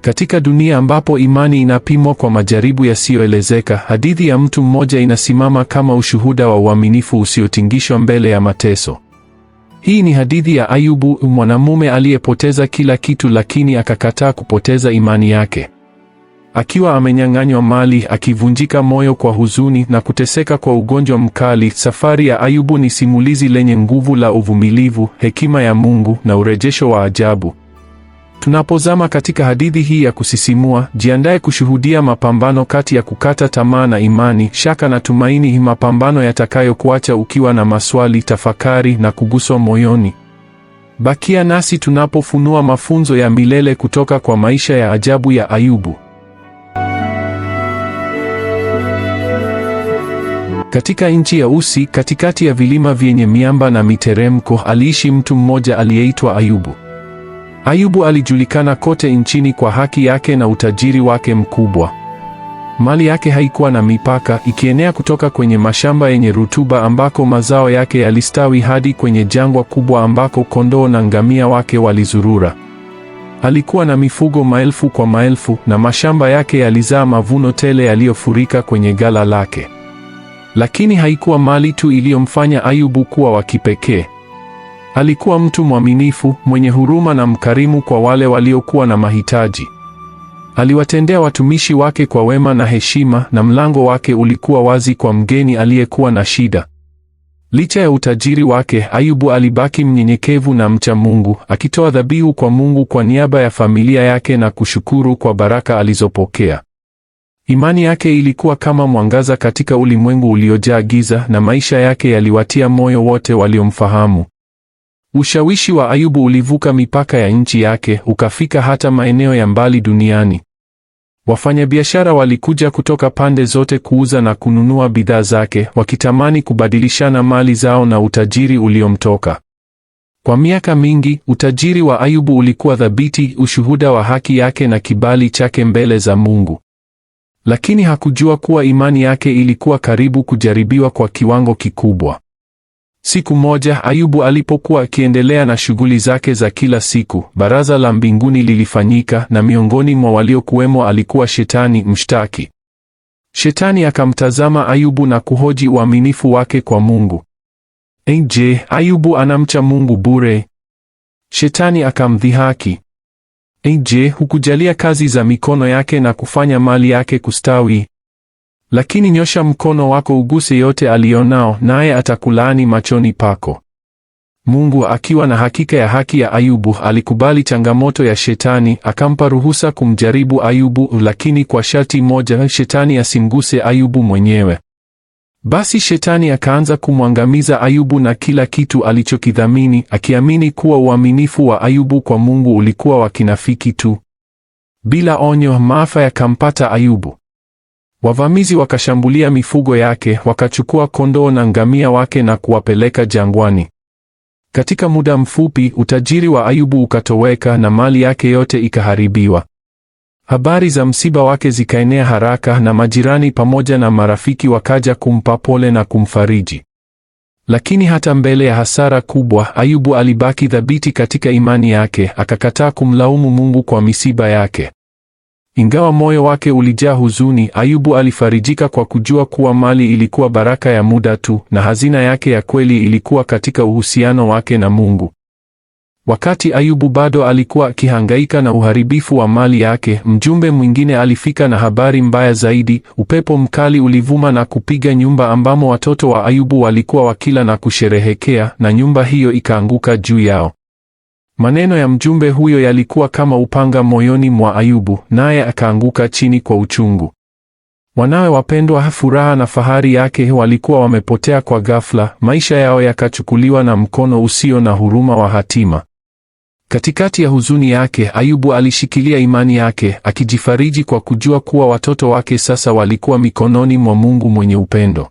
Katika dunia ambapo imani inapimwa kwa majaribu yasiyoelezeka, hadithi ya mtu mmoja inasimama kama ushuhuda wa uaminifu usiotingishwa mbele ya mateso. Hii ni hadithi ya Ayubu, mwanamume aliyepoteza kila kitu lakini akakataa kupoteza imani yake. Akiwa amenyang'anywa mali, akivunjika moyo kwa huzuni na kuteseka kwa ugonjwa mkali, safari ya Ayubu ni simulizi lenye nguvu la uvumilivu, hekima ya Mungu na urejesho wa ajabu. Tunapozama katika hadithi hii ya kusisimua, jiandaye kushuhudia mapambano kati ya kukata tamaa na imani, shaka na tumaini, mapambano yatakayokuacha ukiwa na maswali, tafakari na kuguswa moyoni. Bakia nasi tunapofunua mafunzo ya milele kutoka kwa maisha ya ajabu ya Ayubu. Katika nchi ya Usi, katikati ya vilima vyenye miamba na miteremko, aliishi mtu mmoja aliyeitwa Ayubu. Ayubu alijulikana kote nchini kwa haki yake na utajiri wake mkubwa. Mali yake haikuwa na mipaka, ikienea kutoka kwenye mashamba yenye rutuba ambako mazao yake yalistawi hadi kwenye jangwa kubwa ambako kondoo na ngamia wake walizurura. Alikuwa na mifugo maelfu kwa maelfu na mashamba yake yalizaa mavuno tele yaliyofurika kwenye gala lake. Lakini haikuwa mali tu iliyomfanya Ayubu kuwa wa kipekee. Alikuwa mtu mwaminifu, mwenye huruma na mkarimu kwa wale waliokuwa na mahitaji. Aliwatendea watumishi wake kwa wema na heshima, na mlango wake ulikuwa wazi kwa mgeni aliyekuwa na shida. Licha ya utajiri wake, Ayubu alibaki mnyenyekevu na mcha Mungu, akitoa dhabihu kwa Mungu kwa niaba ya familia yake na kushukuru kwa baraka alizopokea. Imani yake ilikuwa kama mwangaza katika ulimwengu uliojaa giza, na maisha yake yaliwatia moyo wote waliomfahamu. Ushawishi wa Ayubu ulivuka mipaka ya nchi yake, ukafika hata maeneo ya mbali duniani. Wafanyabiashara walikuja kutoka pande zote kuuza na kununua bidhaa zake, wakitamani kubadilishana mali zao na utajiri uliomtoka. Kwa miaka mingi, utajiri wa Ayubu ulikuwa thabiti, ushuhuda wa haki yake na kibali chake mbele za Mungu lakini hakujua kuwa imani yake ilikuwa karibu kujaribiwa kwa kiwango kikubwa. Siku moja Ayubu alipokuwa akiendelea na shughuli zake za kila siku, baraza la mbinguni lilifanyika na miongoni mwa waliokuwemo alikuwa Shetani mshtaki. Shetani akamtazama Ayubu na kuhoji uaminifu wake kwa Mungu. Je, Ayubu anamcha Mungu bure? Shetani akamdhihaki. Je, hukujalia kazi za mikono yake na kufanya mali yake kustawi? Lakini nyosha mkono wako uguse yote alionao, naye atakulaani machoni pako. Mungu akiwa na hakika ya haki ya Ayubu alikubali changamoto ya Shetani, akampa ruhusa kumjaribu Ayubu, lakini kwa sharti moja: Shetani asimguse Ayubu mwenyewe. Basi shetani akaanza kumwangamiza Ayubu na kila kitu alichokidhamini, akiamini kuwa uaminifu wa Ayubu kwa Mungu ulikuwa wa kinafiki tu. Bila onyo, maafa yakampata Ayubu. Wavamizi wakashambulia mifugo yake, wakachukua kondoo na ngamia wake na kuwapeleka jangwani. Katika muda mfupi, utajiri wa Ayubu ukatoweka na mali yake yote ikaharibiwa. Habari za msiba wake zikaenea haraka na majirani pamoja na marafiki wakaja kumpa pole na kumfariji. Lakini hata mbele ya hasara kubwa, Ayubu alibaki thabiti katika imani yake, akakataa kumlaumu Mungu kwa misiba yake. Ingawa moyo wake ulijaa huzuni, Ayubu alifarijika kwa kujua kuwa mali ilikuwa baraka ya muda tu na hazina yake ya kweli ilikuwa katika uhusiano wake na Mungu. Wakati Ayubu bado alikuwa akihangaika na uharibifu wa mali yake, mjumbe mwingine alifika na habari mbaya zaidi. Upepo mkali ulivuma na kupiga nyumba ambamo watoto wa Ayubu walikuwa wakila na kusherehekea, na nyumba hiyo ikaanguka juu yao. Maneno ya mjumbe huyo yalikuwa kama upanga moyoni mwa Ayubu, naye akaanguka chini kwa uchungu. Wanawe wapendwa, furaha na fahari yake walikuwa wamepotea kwa ghafla, maisha yao yakachukuliwa na mkono usio na huruma wa hatima. Katikati ya huzuni yake, Ayubu alishikilia imani yake, akijifariji kwa kujua kuwa watoto wake sasa walikuwa mikononi mwa Mungu mwenye upendo.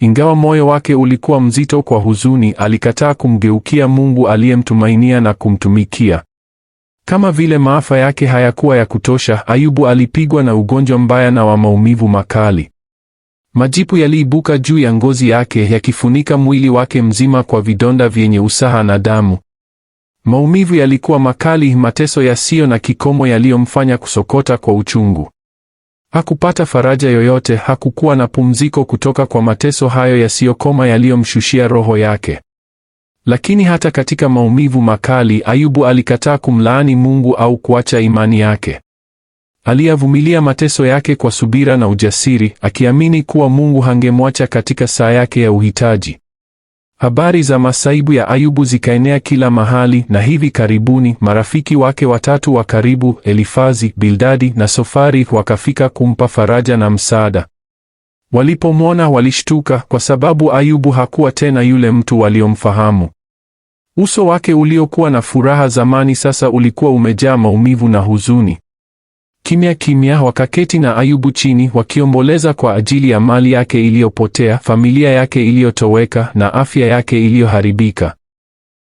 Ingawa moyo wake ulikuwa mzito kwa huzuni, alikataa kumgeukia Mungu aliyemtumainia na kumtumikia. Kama vile maafa yake hayakuwa ya kutosha, Ayubu alipigwa na ugonjwa mbaya na wa maumivu makali. Majipu yaliibuka juu ya ngozi yake, yakifunika mwili wake mzima kwa vidonda vyenye usaha na damu. Maumivu yalikuwa makali, mateso yasiyo na kikomo yaliyomfanya kusokota kwa uchungu. Hakupata faraja yoyote, hakukuwa na pumziko kutoka kwa mateso hayo yasiyokoma yaliyomshushia roho yake. Lakini hata katika maumivu makali, Ayubu alikataa kumlaani Mungu au kuacha imani yake. Aliyavumilia mateso yake kwa subira na ujasiri, akiamini kuwa Mungu hangemwacha katika saa yake ya uhitaji. Habari za masaibu ya Ayubu zikaenea kila mahali, na hivi karibuni marafiki wake watatu wa karibu, Elifazi, Bildadi na Sofari, wakafika kumpa faraja na msaada. Walipomwona walishtuka, kwa sababu Ayubu hakuwa tena yule mtu waliomfahamu. Uso wake uliokuwa na furaha zamani sasa ulikuwa umejaa maumivu na huzuni. Kimya kimya wakaketi na Ayubu chini wakiomboleza kwa ajili ya mali yake iliyopotea, familia yake iliyotoweka na afya yake iliyoharibika.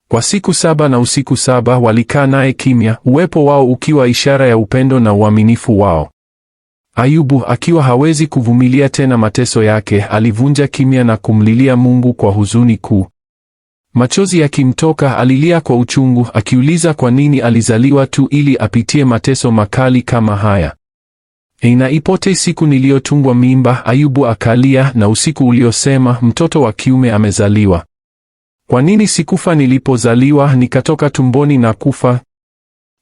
Kwa siku saba na usiku saba walikaa naye kimya, uwepo wao ukiwa ishara ya upendo na uaminifu wao. Ayubu akiwa hawezi kuvumilia tena mateso yake, alivunja kimya na kumlilia Mungu kwa huzuni kuu. Machozi yakimtoka alilia kwa uchungu, akiuliza kwa nini alizaliwa tu ili apitie mateso makali kama haya. Ina ipote siku niliyotungwa mimba, Ayubu akalia, na usiku uliosema mtoto wa kiume amezaliwa. Kwa nini sikufa nilipozaliwa, nikatoka tumboni na kufa?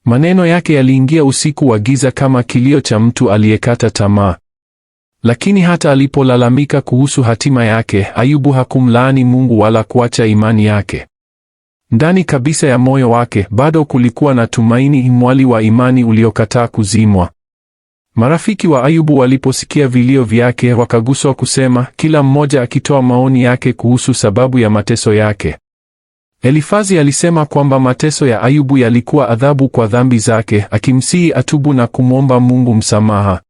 Maneno yake yaliingia usiku wa giza kama kilio cha mtu aliyekata tamaa. Lakini hata alipolalamika kuhusu hatima yake, Ayubu hakumlaani Mungu wala kuacha imani yake. Ndani kabisa ya moyo wake bado kulikuwa na tumaini, mwali wa imani uliokataa kuzimwa. Marafiki wa Ayubu waliposikia vilio vyake wakaguswa kusema, kila mmoja akitoa maoni yake kuhusu sababu ya mateso yake. Elifazi alisema kwamba mateso ya Ayubu yalikuwa adhabu kwa dhambi zake, akimsihi atubu na kumwomba Mungu msamaha.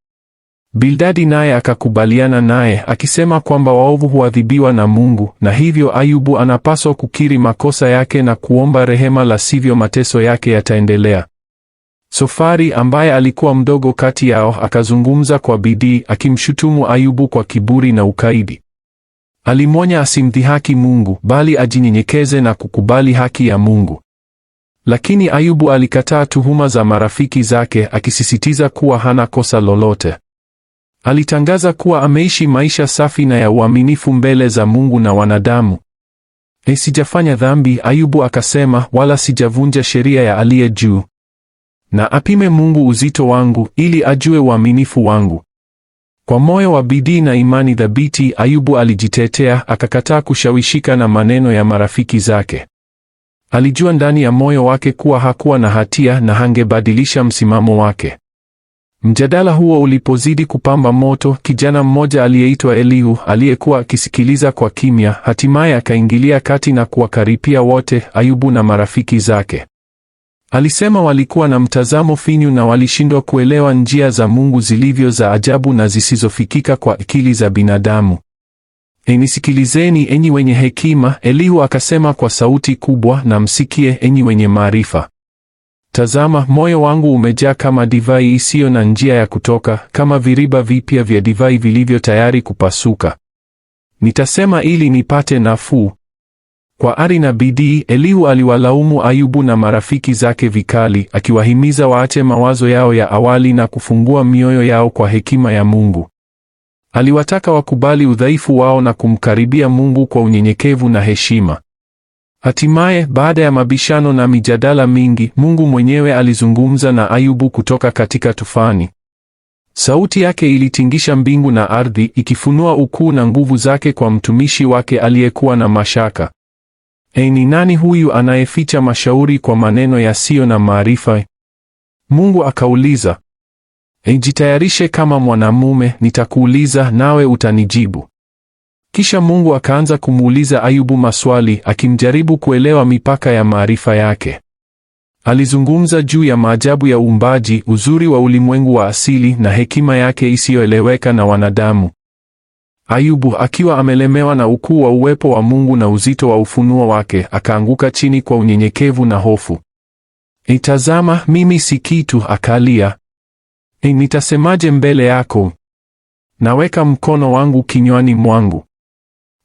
Bildadi naye akakubaliana naye akisema kwamba waovu huadhibiwa na Mungu, na hivyo Ayubu anapaswa kukiri makosa yake na kuomba rehema, la sivyo mateso yake yataendelea. Sofari ambaye alikuwa mdogo kati yao akazungumza kwa bidii akimshutumu Ayubu kwa kiburi na ukaidi. Alimwonya asimdhihaki Mungu bali ajinyenyekeze na kukubali haki ya Mungu. Lakini Ayubu alikataa tuhuma za marafiki zake akisisitiza kuwa hana kosa lolote. Alitangaza kuwa ameishi maisha safi na ya uaminifu mbele za Mungu na wanadamu. E, sijafanya dhambi, Ayubu akasema, wala sijavunja sheria ya aliye juu. Na apime Mungu uzito wangu, ili ajue uaminifu wangu. Kwa moyo wa bidii na imani thabiti, Ayubu alijitetea, akakataa kushawishika na maneno ya marafiki zake. Alijua ndani ya moyo wake kuwa hakuwa na hatia na hangebadilisha msimamo wake. Mjadala huo ulipozidi kupamba moto, kijana mmoja aliyeitwa Elihu aliyekuwa akisikiliza kwa kimya, hatimaye akaingilia kati na kuwakaripia wote, Ayubu na marafiki zake. Alisema walikuwa na mtazamo finyu na walishindwa kuelewa njia za Mungu zilivyo za ajabu na zisizofikika kwa akili za binadamu. Enisikilizeni enyi wenye hekima, Elihu akasema kwa sauti kubwa, na msikie enyi wenye maarifa. Tazama, moyo wangu umejaa kama divai isiyo na njia ya kutoka, kama viriba vipya vya divai vilivyo tayari kupasuka. Nitasema ili nipate nafuu. Kwa ari na bidii, Elihu aliwalaumu Ayubu na marafiki zake vikali, akiwahimiza waache mawazo yao ya awali na kufungua mioyo yao kwa hekima ya Mungu. Aliwataka wakubali udhaifu wao na kumkaribia Mungu kwa unyenyekevu na heshima. Hatimaye, baada ya mabishano na mijadala mingi, Mungu mwenyewe alizungumza na Ayubu kutoka katika tufani. Sauti yake ilitingisha mbingu na ardhi, ikifunua ukuu na nguvu zake kwa mtumishi wake aliyekuwa na mashaka. E, ni nani huyu anayeficha mashauri kwa maneno yasiyo na maarifa? Mungu akauliza, e, jitayarishe kama mwanamume, nitakuuliza nawe utanijibu. Kisha Mungu akaanza kumuuliza Ayubu maswali akimjaribu kuelewa mipaka ya maarifa yake. Alizungumza juu ya maajabu ya uumbaji, uzuri wa ulimwengu wa asili na hekima yake isiyoeleweka na wanadamu. Ayubu akiwa amelemewa na ukuu wa uwepo wa Mungu na uzito wa ufunuo wake, akaanguka chini kwa unyenyekevu na hofu. Itazama, mimi si kitu, akalia. E, nitasemaje mbele yako? Naweka mkono wangu kinywani mwangu.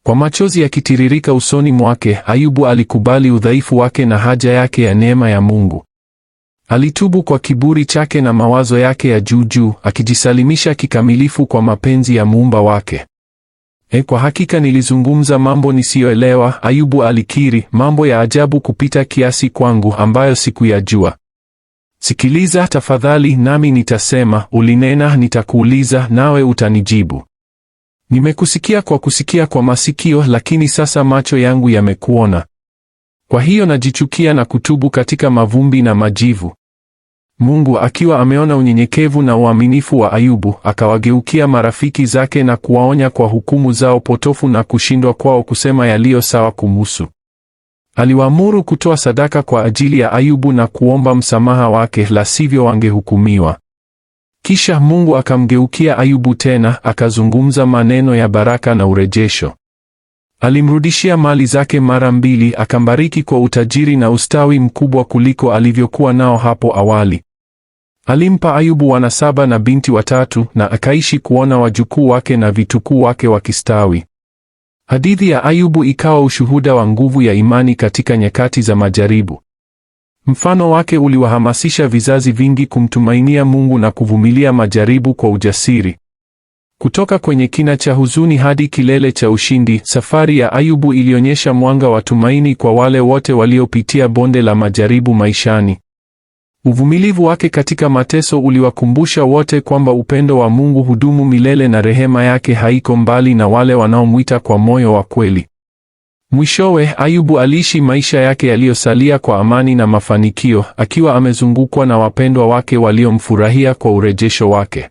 Kwa machozi yakitiririka usoni mwake, Ayubu alikubali udhaifu wake na haja yake ya neema ya Mungu. Alitubu kwa kiburi chake na mawazo yake ya juu juu, akijisalimisha kikamilifu kwa mapenzi ya muumba wake. E, kwa hakika nilizungumza mambo nisiyoelewa, Ayubu alikiri, mambo ya ajabu kupita kiasi kwangu ambayo sikuyajua. Sikiliza tafadhali, nami nitasema; ulinena, nitakuuliza, nawe utanijibu. Nimekusikia kwa kusikia kwa masikio, lakini sasa macho yangu yamekuona. Kwa hiyo najichukia na kutubu katika mavumbi na majivu. Mungu akiwa ameona unyenyekevu na uaminifu wa Ayubu, akawageukia marafiki zake na kuwaonya kwa hukumu zao potofu na kushindwa kwao kusema yaliyo sawa kumusu Aliwaamuru kutoa sadaka kwa ajili ya Ayubu na kuomba msamaha wake, la sivyo wangehukumiwa. Kisha Mungu akamgeukia Ayubu tena, akazungumza maneno ya baraka na urejesho. Alimrudishia mali zake mara mbili, akambariki kwa utajiri na ustawi mkubwa kuliko alivyokuwa nao hapo awali. Alimpa Ayubu wana saba na binti watatu, na akaishi kuona wajukuu wake na vitukuu wake wakistawi. Hadithi ya Ayubu ikawa ushuhuda wa nguvu ya imani katika nyakati za majaribu. Mfano wake uliwahamasisha vizazi vingi kumtumainia Mungu na kuvumilia majaribu kwa ujasiri. Kutoka kwenye kina cha huzuni hadi kilele cha ushindi, safari ya Ayubu ilionyesha mwanga wa tumaini kwa wale wote waliopitia bonde la majaribu maishani. Uvumilivu wake katika mateso uliwakumbusha wote kwamba upendo wa Mungu hudumu milele na rehema yake haiko mbali na wale wanaomwita kwa moyo wa kweli. Mwishowe, Ayubu aliishi maisha yake yaliyosalia kwa amani na mafanikio, akiwa amezungukwa na wapendwa wake waliomfurahia kwa urejesho wake.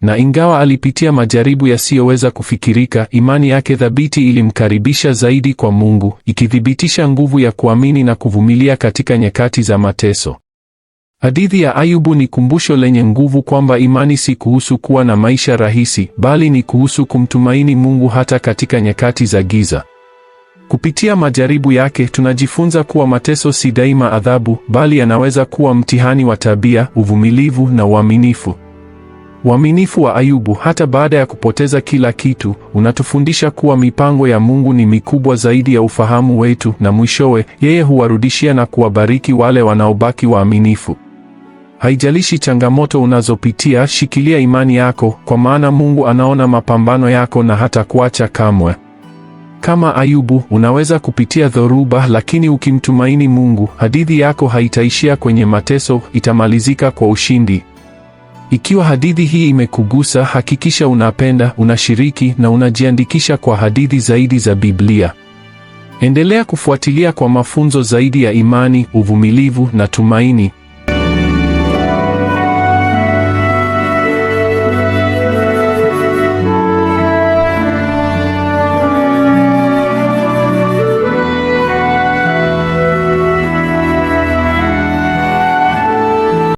Na ingawa alipitia majaribu yasiyoweza kufikirika, imani yake thabiti ilimkaribisha zaidi kwa Mungu, ikithibitisha nguvu ya kuamini na kuvumilia katika nyakati za mateso. Hadithi ya Ayubu ni kumbusho lenye nguvu kwamba imani si kuhusu kuwa na maisha rahisi, bali ni kuhusu kumtumaini Mungu hata katika nyakati za giza. Kupitia majaribu yake tunajifunza kuwa mateso si daima adhabu, bali yanaweza kuwa mtihani wa tabia, uvumilivu na uaminifu. Uaminifu wa Ayubu hata baada ya kupoteza kila kitu, unatufundisha kuwa mipango ya Mungu ni mikubwa zaidi ya ufahamu wetu, na mwishowe yeye huwarudishia na kuwabariki wale wanaobaki waaminifu. Haijalishi changamoto unazopitia, shikilia imani yako, kwa maana Mungu anaona mapambano yako na hatakuacha kamwe. Kama Ayubu unaweza kupitia dhoruba, lakini ukimtumaini Mungu, hadithi yako haitaishia kwenye mateso, itamalizika kwa ushindi. Ikiwa hadithi hii imekugusa, hakikisha unapenda, unashiriki na unajiandikisha kwa hadithi zaidi za Biblia. Endelea kufuatilia kwa mafunzo zaidi ya imani, uvumilivu na tumaini.